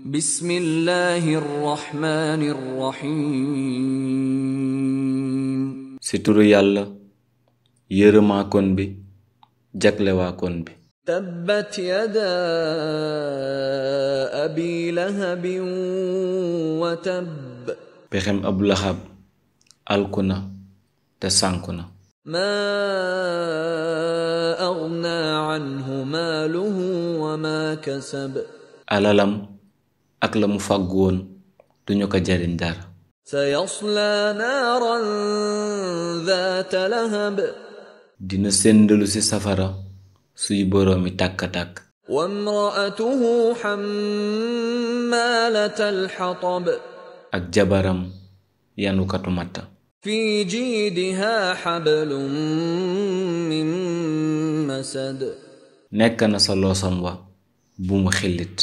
بسم الله الرحمن الرحيم ci yàlla yërëmaa bi jaglewaa bi tabbat yada abi lahabin wa tabb abu lahab alku na te sànku na maa wa ma kasab ak la mu fàgg woon duñu ko jariñ dara sayasla naaran zaata lahab dina séndalu ci safara suy boroomi tàkk-tàkk wa imraatuhu xammalata alxatab ak jabaram yanukatu matta fi jiidiha xablum min masad nekk na sa loosam wa bu mu xillit